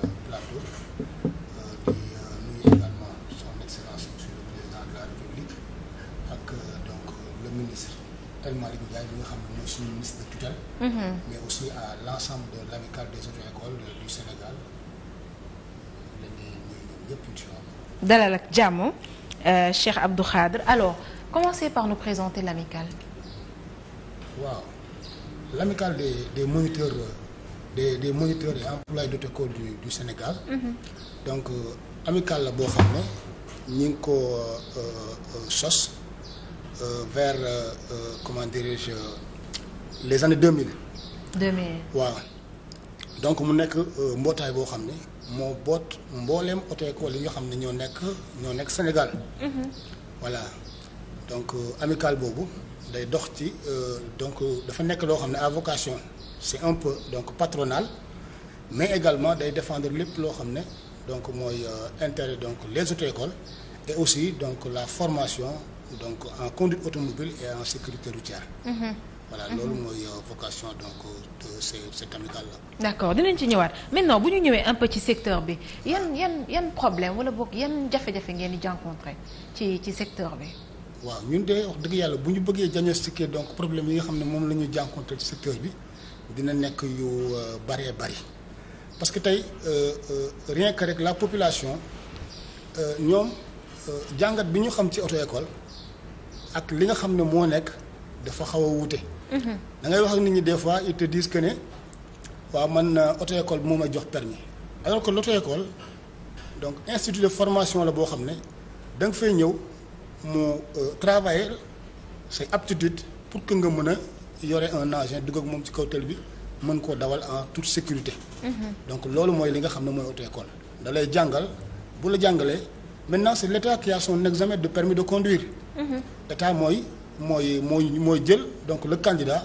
plateau di nuyu également son excellence monsieur le président de la république ak donc le ministre El Malick nga xam ne mooy suñu ministre de tutelle mais aussi à l' de l' des auto-écoles du Sénégal lañuy nuyu ñoom ñëpp incha allah dalal ak jàmm euh, Cheikh Abdou alors commencez par nous présenter l'amicale waaw l'amicale des des moniteurs euh, des des moniteurs et employés d'auto-école du Sénégal. Mhm. donc euh, amicale la boo xam ne ñi ngi ko euh, euh, sos vers comment dirais les années 2000. 2000 waaw. donc mu nekk mbootaay boo xam ne moo boot mbooleem auto-école yi nga xam ne ñoo nekk ñoo nekk Sénégal. Mhm. voilà donc amicale boobu day dox ci donc dafa nekk loo xam ne à vocation. c'est un peu donc patronal mais également day défendre lépp loo xam ne donc mooy euh, intérêt donc les auto-écoles et aussi donc la formation donc en conduite automobile et en sécurité routière mmh. voilà mm-hmm. loolu mooy euh, vocation donc de ces cette amicale la. d'accord dinañ ci ñëwaat maintenant bu ñu ñëwee un peu ci secteur bi yan yan yan problème wala boog yan jafe-jafe ngeen di jànkuwante ci ci secteur bi. waaw ñun de wax dëgg yàlla bu ñu bëggee diagnostiquer donc problème yi nga xam ne moom la ñuy jànkuwante ci bi. dina nekk yu euh, bëree bëri parce que tey euh, euh, rien que rek la population ñoom jàngat bi ñu xam ci auto école ak li nga xam ne moo nekk dafa xaw a wuute. Mhm. da ngay wax ak nit ñi des fois ils te disent que ne waaw man auto école moom a jox permis alors que l'auto école donc institut de formation la boo xam ne da nga fay ñëw mu travailler say aptitude pour que nga mën yore un engin dugg ak moom ci kaw tël bi mën koo dawal en toute sécurité. Mhm. donc loolu mooy li nga xam ne mooy auto-école. da lay jàngal bu la jàngalee maintenant c'est l'État qui a examen de permis de conduire. Mhm. État mooy mooy mooy mooy jël donc le candidat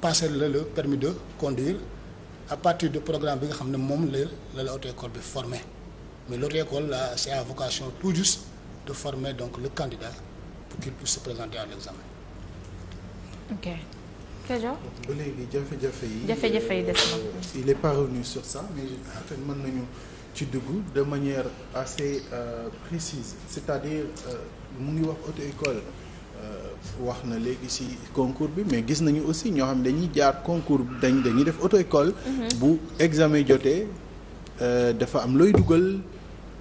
passé la le permis de conduire à partir de programme bi nga xam ne moom la la auto-école bi formé mais l'auto-école la c'est à vocation tout juste de former donc le candidat pour qu'il puisse se présenter à l'examen. Ok. Kéjo ba léegi jafe-jafe yi. jafe-jafe yi def na. Euh, il est pas revenu sur ça mais en fait mën nañu ci dugg de manière assez euh, précise c'est-à-dire euh, mu ngi wax auto-école euh, wax na léegi ci concours bi mais gis nañu aussi ñoo xam dañuy jaar concours dañ dañuy def auto-école. Mm-hmm. bu examen jotee dafa am looy dugal.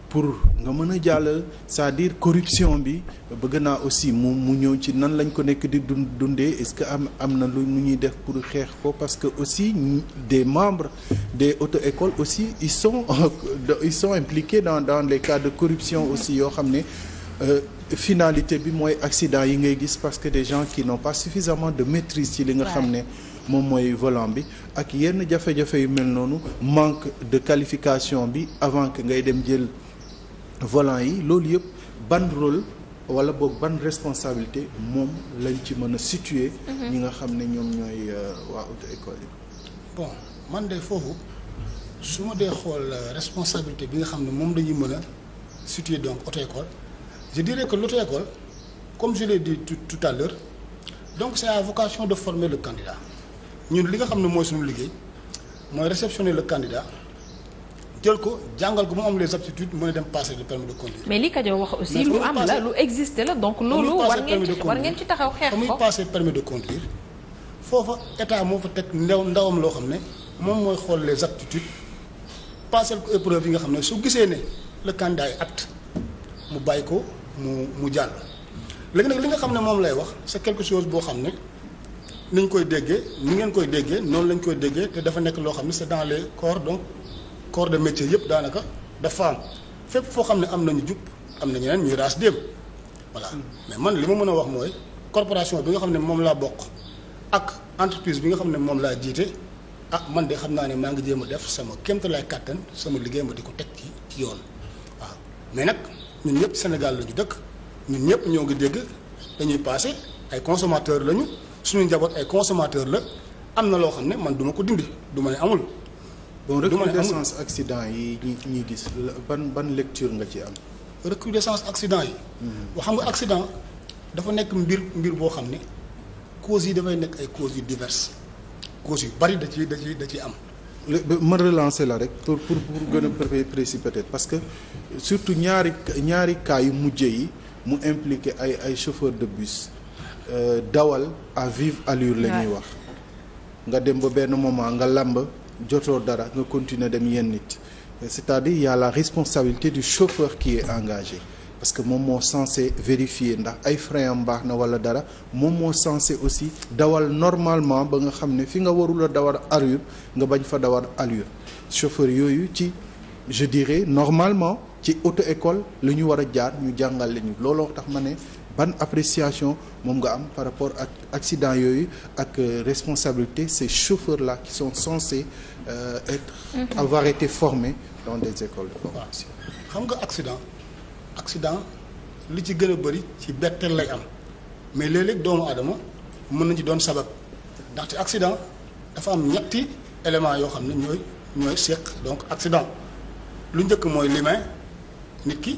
pour nga mën a jàll cest diir dire corruption bi bëgg naa aussi mu mu ñëw ci nan lañ ko nekk di dund dundee est-ce que am am na lu ñuy def pour xeex ko parce que aussi des membres des auto-écoles aussi ils sont ils sont dans dans les cas de corruption aussi yoo xam ne euh, finalité bi mooy accident yi ngay gis parce que des gens qui n'ont pas suffisamment de maîtrise ci li nga xam ne moom mooy volant bi ak yenn jafe-jafe yu mel noonu manque de qualification bi avant que ngay dem jël volants yi loolu yëpp ban rôle wala boog ban responsabilité moom lañ ci mën a situer mhm. ñi nga xam ne ñoom ñooy euh, waa auto école yi bon man de foofu su ma dee xool euh, responsabilité bi nga xam ne moom lañuy mën a situer donc auto école je dirais que l'auto école comme jules l'ai dit tout à l'heure donc c'est à vocation de former le candidat ñun li nga xam ne mooy suñu liggéey mooy réceptionner le candidat jël ko jàngal ko mu am les aptitudes mën a dem passer le permis de conduire. mais li Kajo wax aussi lu am la lu existé la donc loolu. war ngeen ci war ngeen taxaw xeex ko muy passer permis de conduire foofa état moo fa teg ndaw ndawam loo xam ne moom mooy xool les aptitudes passer ko épreuve yi nga xam ne su gisee ne le candidat est mu bàyyi ko mu mu jàll. léegi nag li nga xam ne moom lay wax c'est quelque chose boo xam ne ni ñu koy déggee ni ngeen koy déggee noonu lañ koy déggee te dafa nekk loo xam ne c'est dans les corps donc. corps de métier yëpp daanaka dafa am fépp foo xam ne am nañu jub am na ñeneen ñuy raas déem voilà hmm. mais man li ma mën a wax mooy corporation bi nga xam ne moom laa bokk ak entreprise bi nga xam ne moom laa jiite ah man de xam naa ne maa ngi jéem a def sama kéemtalaay kàttan sama liggéey ma di ko teg ci ci yoon waaw mais nag ñun ñëpp Sénégal la ñu dëkk ñun ñëpp ñoo ngi dégg dañuy passé ay consommateurs lañu suñu njaboot ay consommateurs la am na loo xam ne man duma ko dindi du ma ne amul bon recrudescence accident yi ñi ñuy gis ban ban lecture nga ci am. recrudescence accident yi. Mm-hmm. boo xam nga accident dafa nekk mbir mbir boo xam ne causes yi dafay nekk ay causes yu diverses causes yu bari da ci da ci da ciy am. ma relancer la rek pour pour pour gën a précis peut-être parce que surtout ñaari ñaari cas yu mujj yi mu impliqué ay ay chauffeur de bus euh, dawal à vive allure la ñuy wax nga dem ba benn moment nga làmb jotoo dara nga continuer dem yenn nit c'est-à-dire il y la responsabilité du chauffeur qui est engagé parce que moom moo censé vérifier ndax ay frein am baax na wala dara moom moo censé aussi dawal normalement ba nga xam ne fi nga warul a dawal allure nga bañ fa dawal allure chauffeur yooyu ci je dirais normalement ci auto école la ñu war a jaar ñu jàngal ñu looloo tax ma ne ban appréciation moom nga am par rapport ak accident yooyu ak euh, responsabilité ces chauffeurs la qui sont censés euh, être mhm. avoir été formés dans des écoles de xam nga accident accident li ci gën a bëri ci bettel lay am mais léeg-léeg doomu aadama mën nañu ci doon sabab ndaxte accident dafa am ñetti éléments yoo xam ne ñooy ñooy seq donc accident lu njëkk mooy limin nit ki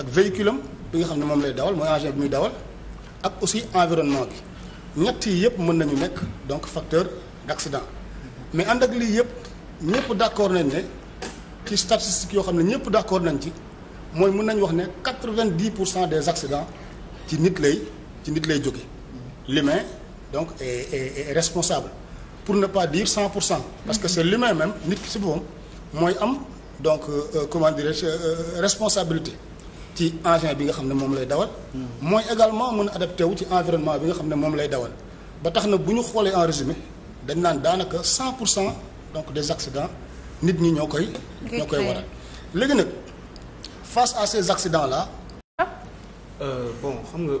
ak véhicule am bi nga xam ne moom lay dawal mooy engin bi muy dawal ak aussi environnement bi ñett yi yëpp mën nañu nekk donc facteur d'accident mais ànd ak lii yëpp ñëpp d'accord nañ ne ci statistiques yoo xam ne ñëpp d'accord nañ ci mooy mën nañu wax ne quatre-vingt-dix pour cent des accidents ci nit lay ci nit lay jóge l'humain donc est, est, est responsable pour ne pas dire cent pour cent parce que c'est l'humain même nit ki si boppam mooy am donc euh, euh comment dirais-je euh, euh responsabilité ci engin bi nga xam ne moom lay dawal. mooy également mën a adapté wu ci environnement bi nga xam ne moom lay dawal ba tax na bu ñu xoolee en résumé dañ naan daanaka cent pour cent donc des accidents nit ñi ñoo koy. ñoo koy waral léegi nag face à ces accidents là. Euh, bon xam nga.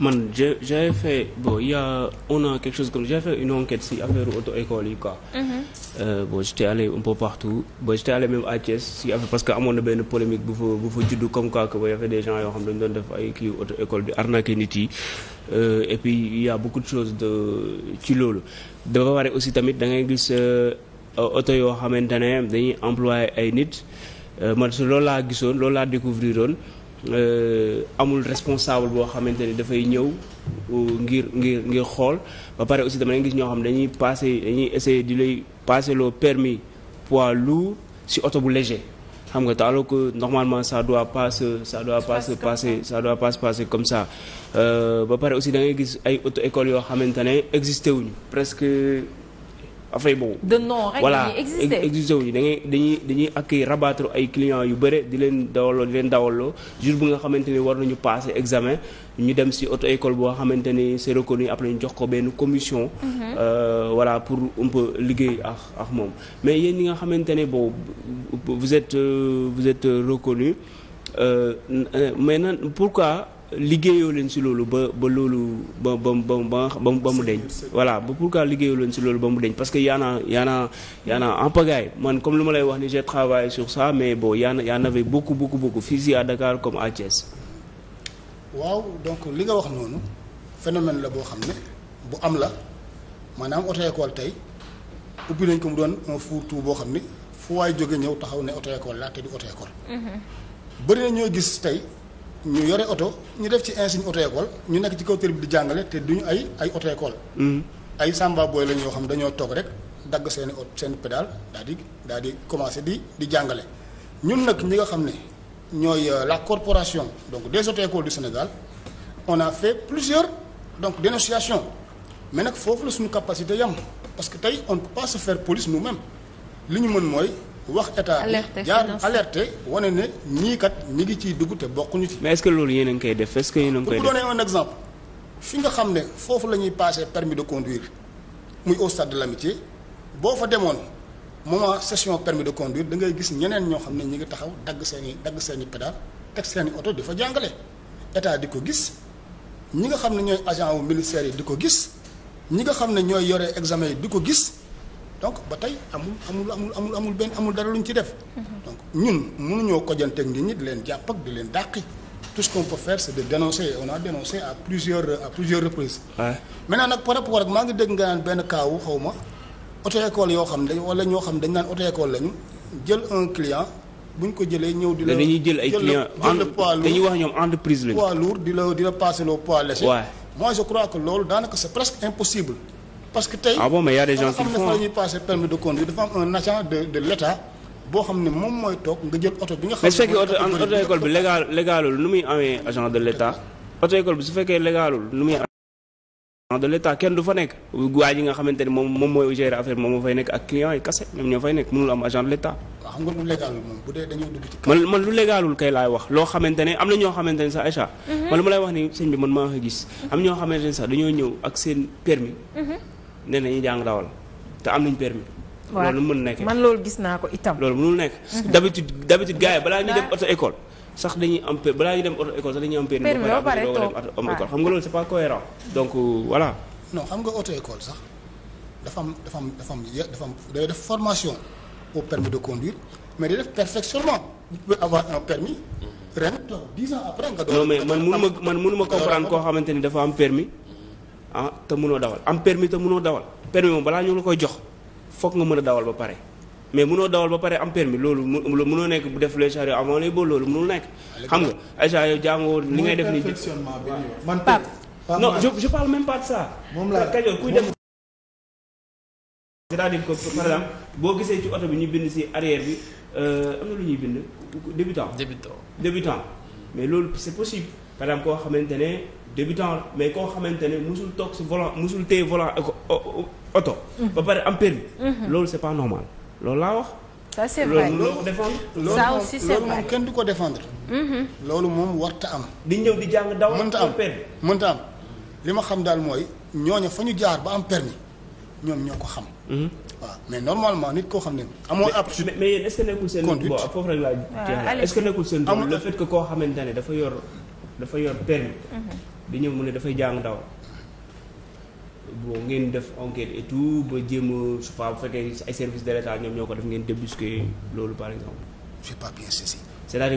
man j'ai j'ai fait bon il y a on a quelque chose comme j'ai fait une enquête si affaire auto école yi quoi. Mm-hmm. Euh, boo j'étais allé un peu partout bon j'étais allé même à Thiès si affaire parce que amoon na benn polémique bu fa bu fa juddu comme quoi que y avait des gens yoo xam dañu doon def ay kii auto école di arnaquer nit yi euh, et puis il y a beaucoup de de ci loolu dafa waree aussi tamit da ngay gis euh, auto yoo xamante ne dañuy employé ay nit man su loolu laa gisoon loolu laa découvriroon Euh, amul responsable boo xamante ni dafay ñëw euh, ngir ngir ngir xool ba pare aussi dama leen gis ñoo xam dañuy passé dañuy essayer di lay passé loo permis pois lou si oto bu léger xam nga te alors que normalement ça doit pas se ça doit pas se passer comme ça euh, ba pare aussi da ngay gis ay auto école yoo xamante ne existé wuñu presque affaire boobu. de nom rek dañuy exister voilà exister wu ñu dañuy dañuy dañuy accueillir rabattre ay clients yu bëre di leen dawaloo di leen dawaloo jour bi nga xamante ni war nañu passer examen ñu dem si auto école boo xamante ni c'est reconnu après ñu jox ko benn commission. Mhm. Euh, voilà pour un peu liggéey ak ax moom mais yéen ñi nga xamante ne boobu vous êtes euh, vous êtes reconnu euh, mais nan pourquoi. liggéeyoo leen si loolu ba ba loolu ba ba ba ba ba mu deñ voilà ba pourquoi liggéeyoo leen si loolu ba mu deñ parce que yaana yaana yaana en pagaille man comme lu ma lay wax ni j'ai travaillé sur ça mais bon yaana yaana avait beaucoup beaucoup beaucoup fii à Dakar comme waaw donc li nga wax noonu phénomène la boo xam ne bu am la maanaam auto école tey ubbi nañ ko mu doon un fourre boo xam ne fu waay jóge ñëw taxaw ne auto école laa te du auto école. Mhm. bëri na ñoo gis tey. ñu yore oto ñu def ci insigne auto école ñu nekk ci kaw tër bi di jàngale te duñu ay ay auto école mm-hmm. ay samba booy la ñoo xam dañoo toog rek dagg seen oto seen pédale daal di daal di commencé di di jàngale ñun nag ñi nga xam ne ñooy euh, la corporation donc des auto écoles du Sénégal on a fait plusieurs donc dénonciations mais nag foofu la suñu capacité yam parce que tey on ne peut pas se faire police nous-mêmes li ñu mën mooy wax état bi jaar alerté wane ne ñii kat ñi ngi ciy dugg te bokkuñu ci. mais est-ce que loolu yéen a koy def est-ce que yéen a ngi koy def bu donner un exemple fi nga xam ne foofu la ñuy passé permis de conduire muy au stade de l'amitié boo fa demoon moment session permis de conduire da ngay gis ñeneen ñoo xam ne ñi ngi taxaw dagg seeni i dagg seen i pédale teg seen oto dafa jàngale état di ko gis ñi nga xam ne ñooy agent wu ministère yi di ko gis ñi nga xam ne ñooy yore examen yi di ko gis. donc ba tey amul amul amul amul amul benn amul dara lu ñu ci def. donc ñun mënuñoo kojanteeg nit ñi di leen jàpp ak di leen dàqi. tout ce qu'on peut faire c'est de dénoncer et on a dénoncé à plusieurs à plusieurs reprises. Ouais. maintenant nag par rapport ak maa ngi dégg nga naan benn kaawu xaw ma auto école yoo xam ne wala ñoo xam dañ naan auto école lañu jël un client bu ñu ko jëlee ñëw. di la dañuy jël ay clients dañuy wax ñoom entreprise lañu. poids lourd di la di la passer le poids léger. moi je loolu daanaka c'est presque impossible. parce que tey. ah bon am ne moom mooy toog nga jël oto bi nga. xam ne mais su fekkee oto oto su fekkee légalul nu muy. de l'état kenn du fa nekk waa ji nga xamante ni moom moom mooy gérer affaire moom moo fay nekk ak client yi kase ñoom ñoo fay nekk mënul am agent de l'état ah, xam nga lu légalul moom man man lu légalul kay laay wax loo xamante ne am na ñoo xamante ne sax Aïcha mhm. man lu ma lay wax ni sëñ bi man maa ngi gis am ñoo xamante ne sax dañoo ñëw ak seen permis mhm. ne nañu jàng dawal te am nañ permis loolu mën nekk man loolu gis naa ko itam. loolu mënul nekk. Mhm. d'habitude d'habitude gars yi balaa ñuy dem auto école sax dañuy am per balaa ñuy école sax dañuy am permis. permis ba pare xam nga loolu c'est pas cohérent donc euh, xam nga auto sax dafa am dafa am dafa am day def formation au permis de conduire mais day def perfectionnement bu pouvez avoir mhm. mais man mënu ma man mënu ma comprendre koo xamante ni dafa am permis ah te mënoo dawal am permis te mënoo dawal permis moom balaa ñu la koy jox foog nga mën a dawal ba pare mais mënoo dawal ba pare am permis loolu mënoo nekk mu def les chariots avant les bœufs loolu mënul nekk. xam nga Aïcha yow jàngoo li ngay def nii. man Pape non je je parle même pas de ça. moom laa kajoor kuy def. cest à boo gisee ci oto bi ñu bind si arrière bi euh, am na lu ñuy bind débutant. débutant débutant mais loolu c'est possible par exemple koo xamante ne. débutant la mais koo xamante ne musul toog si volant musul téye volant euh, euh, euh, oto. Mhm. ba pare am permis. Mhm. loolu c'est pas normal loolu laa wax. ça c'est vrai loolu défendre. ça aussi c'est loolu moom kenn du ko défendre. Mhm. loolu moom warta am. di ñëw di jàng daw. mënta am mënta am li ma xam daal mooy ñooñu fa ñu jaar ba am permis ñoom ñoo ko xam. waaw mais normalement nit koo xam ne. amoo aptitude mais mais yéen est-ce nekkul seen. conduite foofu rek laa koo xamante ne dafa yor dafa yor permis. di ñëw mu ne dafay jàng daw boo ngeen def enquête et tout ba jéem a su fa bu fekkee ay services de l'État ñoom ñoo ko def ngeen débusqué loolu par exemple. j'ai pas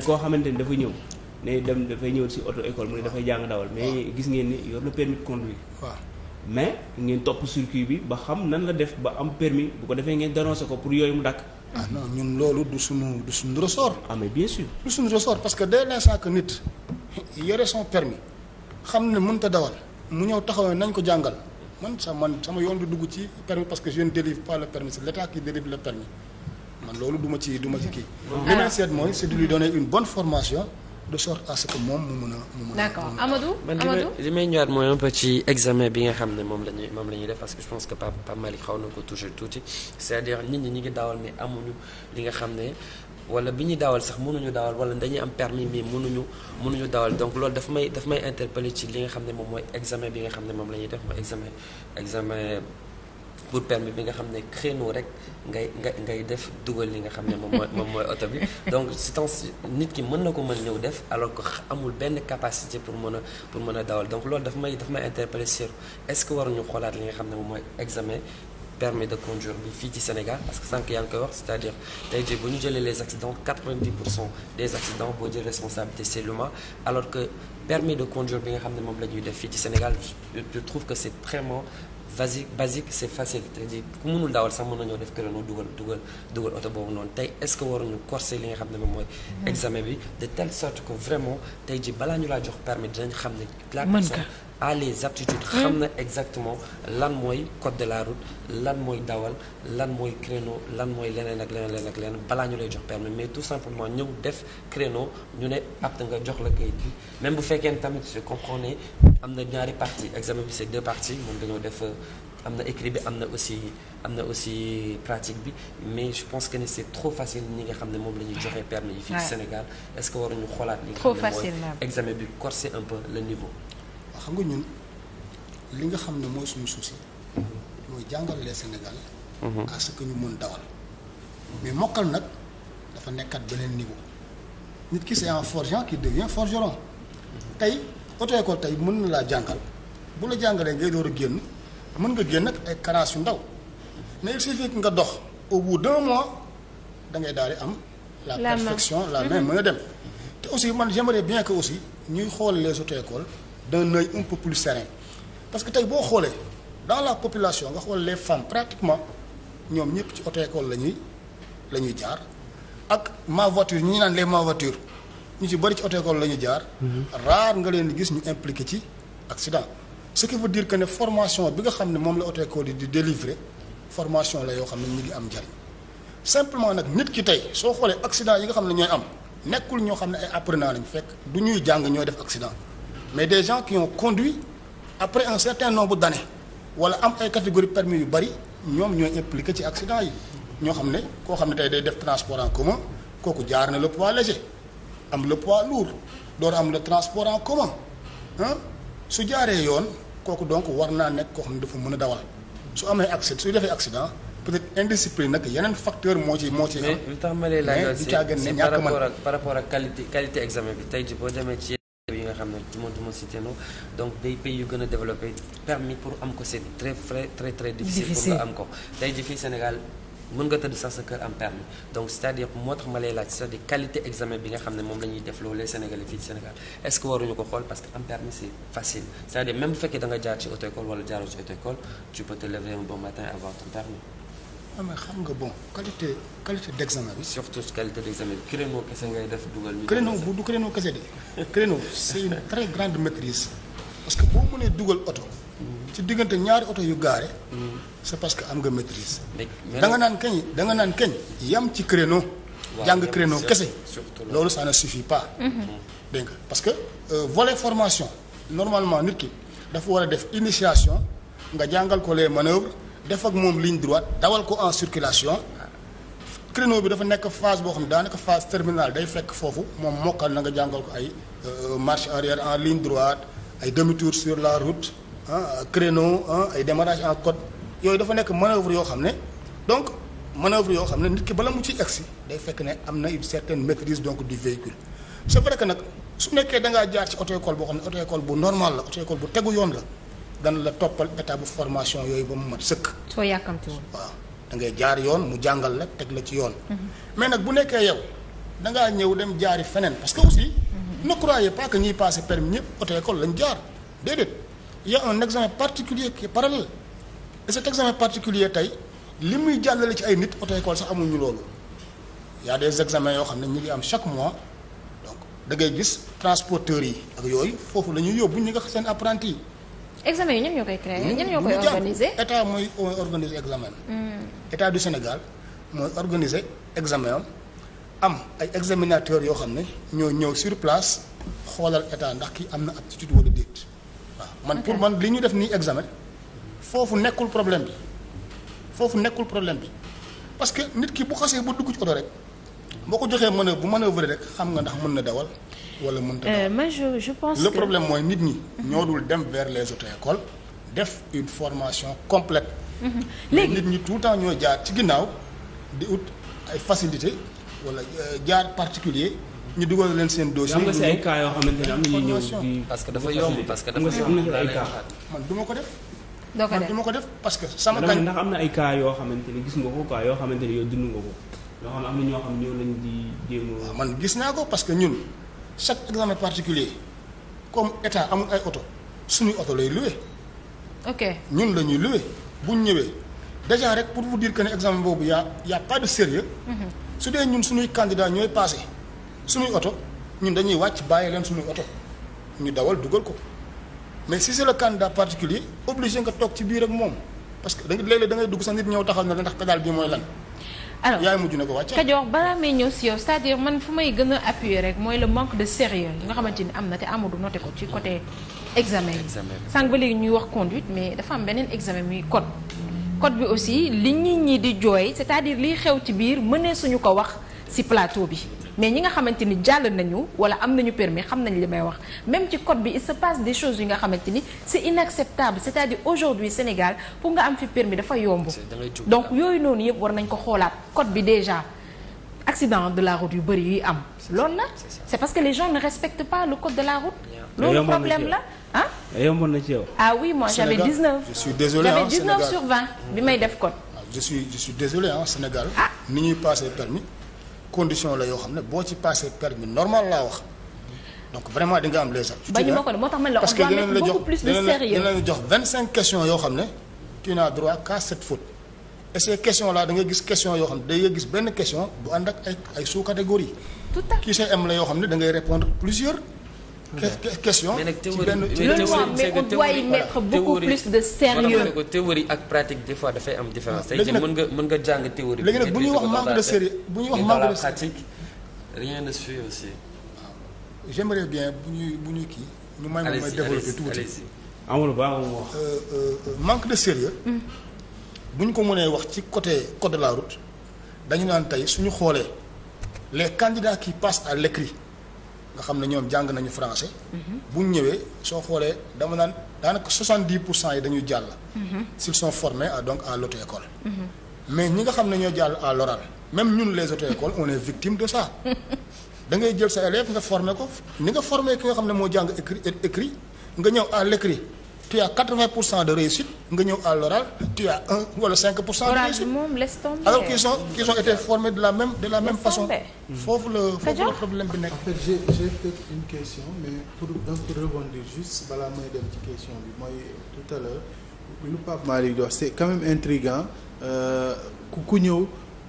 koo xamante ni dafa ñëw ne dem dafay ñëw si auto école mu ne dafay jàng dawal. mais gis ngeen ni yor na permis de mais ngeen topp circuit bi ba xam nan la def ba am permis bu ko defee ngeen dénoncé ko pour yooyu mu dakk ah non ñun loolu du sunu du suñu ressort. ah mais bien du suñu parce que dès l'instant que nit yore son permis xam ne mënut a dawal mu ñëw taxawee nañ ko jàngal man sa man sama yoon du dugg ci permis parce que je ne délivre pas le permis c'est l'état délivre le permis man loolu du ci kii. li may seet mooy c'est de lui donner une bonne formation. de sorte à que moom mu mën a mu mën a. d'accord Amadou Amadou li may ñëwaat mooy un ci examen bi nga xam ne moom la moom la ñuy def parce que je pense que Pape Pape Malick xaw na ko touché tuuti c'est-à-dire nit ñi ñu ngi li nga xam ne. wala bi ñuy dawal sax mënuñu dawal wala dañuy am permis mais mënuñu mënuñu dawal donc loolu daf may daf may interpeller ci li nga xam ne moom mooy examen bi nga xam ne moom la ñuy def mooy examen examen pour permis bi nga xam ne créneau rek ngay nga ngay def dugal li nga xam ne moom mooy moom mooy oto bi donc si temps nit ki mën na ko mën ñëw def alors que amul benn capacité pour mën a pour mën a dawal donc loolu daf may daf may interpeller sur est-ce que waruñu xoolaat li nga xam ne moom mooy examen permis de conduire bi fii ci Sénégal parce que sànq yaa ngi koy wax c'est-à-dire tey jii bu ñu jëlee les accidents 90 pour cent des accidents boo jël responsabilité c'est l'humain alors que permis de conduire bi nga xam ne moom la ñuy def fii ci Sénégal je trouve que c'est vraiment basique basique c'est facile c'est-à-dire ku mënul daawal sax mën nañoo def créneau dugal dugal dugal oto boobu noonu tey est-ce que waruñu corser li nga xam ne moom mooy mm-hmm. examen bi de telle sorte vraiment tey jii balaa ñu laa jox permis dinañ xam ne la a les aptitudes xam na exactement lan mooy code de la route lan mooy dawal lan mooy créneau lan mooy leneen ak leneen leneen ak leneen balaa ñu lay jox permis mais tout simplement ñëw def créneau ñu ne apte nga jox la kayit bi même bu fekkee ne tamit je comprends ne am na ñaari partie examen bi c'est deux parties moom dañoo def euh, am na écrit bi am na aussi am na aussi pratique bi mais je pense que ne c'est trop facile ñi nga xam ne moom la ñuy joxee permis yi fii s est-ce que waruñu xoolaat li nga xam ne mooy xam nga ñun li nga xam ne mooy suñu souci mooy jàngale Sénégal. Mhm. à ce que ñu mën dawal. mais mokkal nag dafa nekkat beneen niveau nit ki c'est un forgeron qui devient forgeron tey auto école tey mën na laa jàngal bu la jàngalee ngay door a génn mën nga génn ak ay carasse yu ndaw mais il suffit nga dox au bout d'un mois da ngay daal di am. la perfection la mhm. main mën a dem. te aussi man j'aimerais bien que aussi ñuy xool les auto écoles d'un œil un peu plus parce que tey boo xoolee dans la population nga xool les femmes pratiquement ñoom ñëpp ci auto école la ñuy la ñuy jaar ak ma voiture ñu naan les ma voiture ñu ci bëri ci auto école la ñuy jaar. Mm-hmm. rare nga leen di gis ñu impliqué ci accident. ce qui veut dire que ne formation bi nga xam ne moom la auto école yi di délivrer formation la yoo xam ne ñu ngi am njariñ simplement nag nit ki tey soo xoolee accident yi nga xam ne ñooy am nekkul ñoo xam ne ay apprenants lañu fekk du ñuy jàng ñooy def accident. mais des gens qui ont conduit après un certain nombre d'années wala am ay catégorie permis yu bari ñoom ñooy impliqué ci accident yi ñoo xam ne koo xam ne tey day def transport en kooku jaar na le poids léger am le poids lourd door am le transport en commun su jaaree yoon kooku donc war naa nekk koo xam ne dafa mën a dawal su amee accident su defee accident peut-être indiscipline nag yeneen facteur moo ci moo ci. mais lu tax ma lay laaj aussi mais du tey jii demee ci. yi nga xam ne duma duma cité no donc day pays yu gën a permis pour am ko c'est très très très très difficile pour nga am ko tey ji fii Sénégal mën nga tëdd sax sa kër am permis donc cest à moo tax ma laaj c'est-à-dire qualité examen bi nga xam ne moom la ñuy def loolu Sénégalais fii Sénégal est-ce que ko xool parce que am permis c'est facile cest à fekkee da nga jaar ci auto-école wala jaaroo ci auto-école tu peux te bon matin avoir non ah, xam nga bon qualité qualité d' examen bi. surtout qualité d' examen bi créneau def dugal. ñu créneau bu du créneau kese de créneau c' une très grande maîtrise parce que boo mënee dugal oto. ci diggante ñaari oto yu gaare. c' est parce que am nga maîtrise. da nga naan kañ da nga naan kañ yam ci créneau. jàng créneau kese. loolu ça ne suffit pas. Mm-hmm. dégg nga parce que euh, volet formation normalement nit ki dafa war a def initiation nga jàngal ko les manœuvres. def ak moom ligne droite dawal ko en circulation créneau bi dafa nekk phase boo xam ne daanaka phase terminale day fekk foofu moom mokkal na nga jàngal ko ay euh, marche arrière en ligne droite ay demi-tour sur la route créneau ay démarrage en côte yooyu dafa nekk manœuvre yoo xam ne donc manœuvre yoo xam ne nit ki bala mu ci agsi day fekk ne am na une certaine maîtrise donc du véhicule c'est vrai que nag su nekkee da ngaa jaar ci auto-école boo xam ne auto yoon la dana la toppal état bu formation yooyu ba mu mat sëkk. soo yàkkamtiwul waaw da jaar yoon mu jàngal la teg la ci yoon. Mhm. mais nag bu nekkee yow da ngaa ñëw dem jaari feneen parce que aussi. Mhm. ne croyez pas que ñuy passé permis ñëpp oto école lañ jaar déedéet y a un examen particulier qui est parallèle et cet examen particulier tey li muy jàllale ci ay nit auto école sax amuñu loolu y a des examens yoo xam ne ñu ngi am chaque mois donc da ngay gis transporteurs yi ak yooyu foofu la ñuy yóbbu ñi nga seen apprentis yi. examen yi ñoom ñoo koy créé hmm, ñoom ñoo koy organisé état mooy organiser examen hmm. état du Sénégal mooy organiser examen am ay examinateurs yoo xam ne ñoo ñëw sur place xoolal état ndax kii am na aptitude wala man pour man li ñu def nii examen foofu nekkul problème bi foofu nekkul problème bi parce que nit ki bu xasee ba dugg ci oto rek boo ko joxee mën a bu manœuvre rek xam nga ndax mën na dawal wala mënta euh, mais je je pense le problème mooy nit ñi. ñoo dul dem vers les auto-écoles def une formation complète. Mhm. léegi nit ñi tout le temps ñoo jaar ci ginnaaw di ut ay facilité wala euh, jaar particulier ñu dugal leen seen dossier. nga si ay cas yoo xamante ne am na ñuy ñëw dafa yomb parce que dafa yomb ay cas man du ma ko def. ma ko def parce que. sama kañ ndax am na ay cas yoo xamante ne gis nga ko quoi yoo xamante ne yow dund nga ko. yoo xam am na ñoo xam ñoo lañ di jéem ah, man gis naa ko parce que ñun. chaque examen particulier comme état amul ay oto suñuy oto lay loué. ok ñun la ñuy loué bu ñu ñëwee déjà rek pour vous dire que ne examen boobu y' a a pas de sérieux mhm. su dee ñun suñuy candidat ñooy passé suñuy oto ñun dañuy wàcc bàyyi leen suñuy oto ñu dawal dugal ko mais si c'est le candidat particulier obligé nga toog ci biir ak moom parce que da nga léeg-léeg dugg sax nit ñëw taxaw na la ndax pédale bii mooy lan. alors yaay na ko wàcce Kajoor balaa may ñëw si yow c'est-à-dire man fu may gën a appuyer rek mooy le manque de sérieux nga xamante ni am na te Amadou noté ko ci côté examen yi sànq ba léegi ñuy wax conduite mais dafa am beneen examen muy code code bi aussi li nit ñii di jooy c'est-à-dire liy xew ci biir mënee suñu ko wax si plateau bi mais ñi nga xamante ni jàll nañu wala am nañu permis xam nañ li may wax même ci code bi il se passe des choses yi nga xamante ni c'est inacceptable c'est-à-dire aujourd'hui Sénégal pour nga am fi permis dafa yomb donc yooyu noonu yëpp war nañ ko xoolaat code bi déjà accident de la route yu bëri yuy am loolu la c'est parce que les gens ne respectent pas le code de la route loolu problème la ah yomboon na ci yow ah oui moi j'avais 19 je suis désolé j'avais may def code ah, je suis je suis désolé ah Sénégal ni ñuy condition la yoo xam ne boo ci passé permis normal laa wax donc vraiment di nga am les aptitudes. ba ñu ma ko moo parce que dinañ la jox dinañ la jox vingt cinq questions yoo xam ne tu droit qu'à sept fautes et ces questions là gis question yoo xam ne da nga gis benn question bu ànd ak ay sous catégorie. qui c'est am la yoo xam ne da répondre plusieurs. question mais nag théorie mais on doit ak pratique des fois dafay am différence. léegi nag mën nga mën nga jàng théorie. léegi nag bu ñuy wax manque de sérieux bu bien bu bu ñuy kii. ñu may may développer tuuti amul baax amul wax. manque de sérieux bu ñu ko mënee wax ci côté code de la route dañu naan tey suñu xoolee les candidats qui passent à l'écrit nga xam ne ñoom jàng nañu français. bu ñu ñëwee soo xoolee dama naan daanaka soixante dix pour cent yi dañuy jàll. s'ils sont formés a donc a l'auto-école. mais ñi nga xam ne ñoo jàll a l'oral même ñun les auto-écoles on victime de ça. da jël sa élève nga formé ko ni nga formé ki nga xam ne moo jàng écrit écrit nga ñëw à l'écrit tu as 80 pour cent de réussite nga ñëw à l'oral tu as un wala cinq pour cent de réussite moom alors qu'ils ont été formés de la même de la même façon foofu la foofu la problème bi nekk en fait une question mais pour donc pour rebondir juste balaa may dem ci question bi mooy tout à l'heure lu Pape Malick di c'est quand même intriguant euh, ku ku ñëw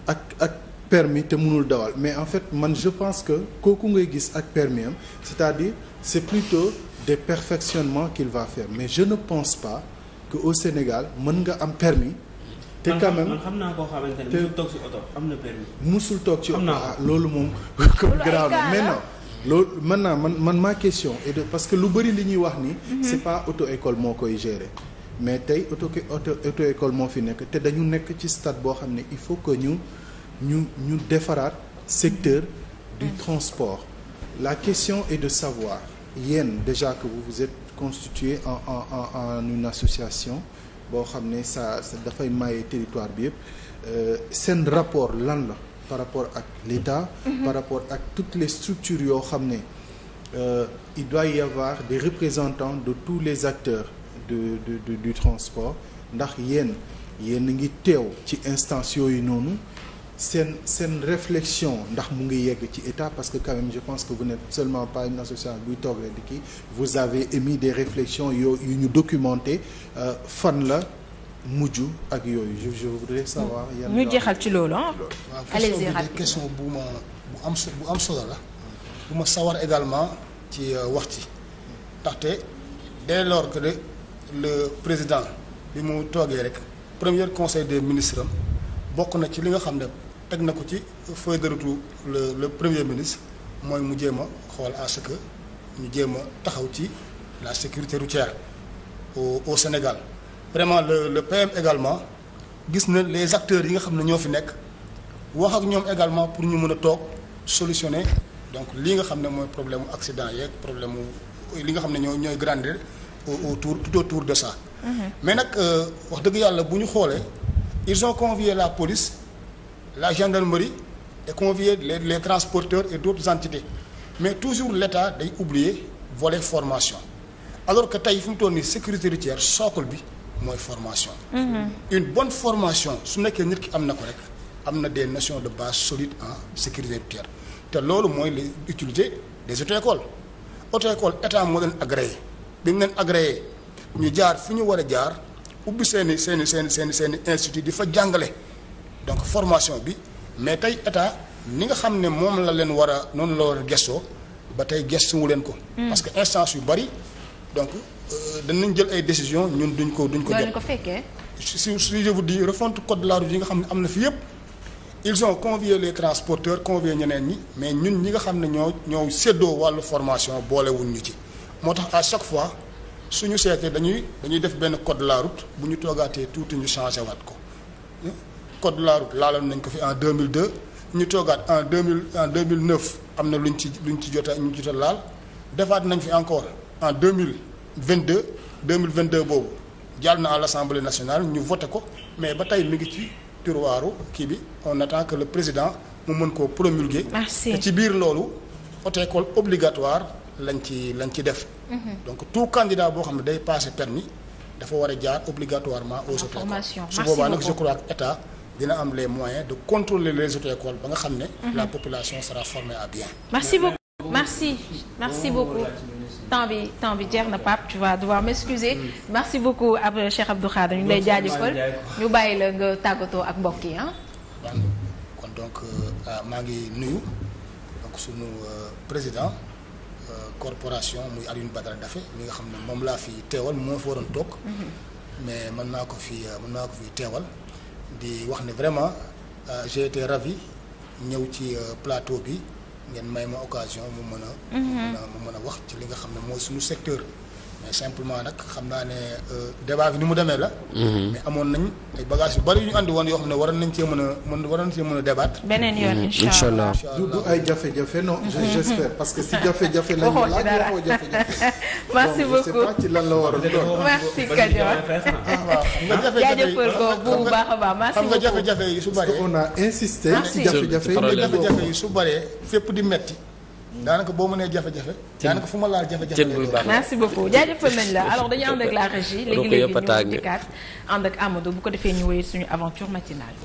ak ak permis te mënul dawal mais en fait man je pense que kooku ngay gis ak permis am c'est-à-dire c'est plutôt des perfectionnements qu'il va faire mais je ne pense pas que au Sénégal mën nga am permis te quand même man naa koo xamante toog ci oto am na permis musul toog ci oto ah, loolu moom comme grave mais non loolu maintenant man man ma question est de parce que lu bëri li ñuy wax ni mhm. c'est pas auto école moo koy gérer mais tey auto auto école moo fi nekk te dañu nekk ci stade boo xam ne il faut que ñu ñu ñu defaraat secteur du transport la question est de savoir yéen déjà que vous vous êtes constitué en en en en une association boo xam ne ça dafay maye territoire bi yëpp euh, seen rapport lan la par rapport ak l'État. Mhm. par rapport ak toutes les structures yoo xam ne euh, il doit y avoir des représentants de tous les acteurs de de du transport ndax yéen yéen a ngi teew ci instance yooyu noonu. seen seen réflexion ndax mu ngi yegg ci état parce que quand même je pense que vous seulement par une association buy toog di ki vous avez émis des réflexions yoo yu ñu documenté euh, fan la mujj ak yooyu je je voudrais savoir. yan ñu jeexal ci loolu ah. allez-y rapide question bu ma bu am bu am solo la. bu ma sawar également ci euh, wax ci. ndaxte dès lors que le président bi mu toogee rek première conseil des ministres bokk na ci li nga xam ne. teg na ko ci feuille de route le le premier ministre mooy mu jéema xool à ce que ñu jéem a taxaw ci la sécurité routière au au Sénégal vraiment le le PM également gis na les acteurs yi nga xam ne ñoo fi nekk wax ak ñoom également pour ñu mën a toog solutionner donc li nga xam ne mooy problème mu accident yeeg problème mu li nga xam ne ñoo ñooy grandir autour tout autour de ça. Mm-hmm. mais nag euh, wax dëgg yàlla bu ñu xoolee ils ont la police. la gendarmerie est conviée les, les transporteurs et d'autres entités mais toujours l'État day oublier volet formation alors que tey fi mu toll nii sécurité routière socle bi mooy formation mhm. une bonne formation su nekkee nit ki am na ko rek am na des notions de base solide en sécurité routière te loolu mooy l'utilité des auto-écoles auto-école état moo leen agréé bi mu leen agréé ñu jaar fi ñu war a jaar ubbi seeni seeni seeni seeni seeni institut di fa jàngale donc formation bi mais tey état ni nga xam ne moom la leen war a noonu la war a ba tey gestuwu leen ko. Hmm. parce que instance yu bari donc euh, danañ jël ay décisions ñun duñ ko duñ ko. jël ko fekkee. si si je refonte code de la route yi nga xam ne am na fi yëpp. ils ont convié les transporteurs convié ñeneen ñi mais ñun ñi nga xam ne ñoo ñoo séddoo wàllu formation boolewuñ ñu ci moo tax à chaque fois suñu seetee dañuy dañuy def benn code de route bu ñu toogaatee tuuti ñu changé waat ko. code de la route laaloon nañ ko fi en 2002 ñu toogaat en 2000 en 2009 am na luñ ci luñ ci jota ñu jota laal defaat nañ fi encore en 2022 2022 boobu jàll na à l'Assemblée nationale ñu voté ko mais ba tey mi ngi ci tiroiru kii bi on attend que le président mu mën koo promulguer te ci biir loolu auto-école obligatoire lañ ci lañ ci def mhm. donc tout candidat boo xam ne day passé permis dafa war a jaar obligatoirement aux auto-écoles dina am les moyen de contrôler les auto-écoles ba nga xam ne. Mhm. la population sera formée à bien. merci beaucoup merci merci beaucoup. temps bi temps bi jeex na Pape tu vas devoir m'excuser mm. merci beaucoup ab Cheikh Abdou Khadre ñu lay jaajëfal ñu bàyyi la nga tàggatoo ak mbokk yi ah. kon donc euh, ah, maa ngi nuyu donc sunu euh, président euh, corporation muy Alioune Badara Daffé mi nga xam ne moom laa fi teewal moo fa waroon toog. Mhm. mais mën naa ko fi mën naa ko fi teewal. di wax ne vraiment euh, j'ai été ravi ñëw ci euh, plateau bi ngeen may ma occasion mhm. mu mën a. mu mën a wax ci li nga xam ne mooy suñu secteur. mais simplement nag xam naa ne euh, débat bi ni mu demee la. Mhm. mais amoon nañ ay bagages yu bari yu ñu andi woon yoo xam ne waroon nañ cee mën a mën a waroon cee mën a débattre. beneen yoon mhm. incha ay jafe-jafe mhm. parce que si jafe-jafe lañu laaj waxoo jafe lan la waroon doon. Ah, xam nga jafe yi su bari on a insisté. ci jafe-jafe yi di metti daanaka boo mënee jafe-jafe. daanaka fu ma laal jafe-jafe. merci beaucoup jaajëfal nañ la alors dañuy ànd ak la régie léegi léegi ñu ngi ànd ak Amadou bu ko defee ñu wéyal suñu aventure matinale.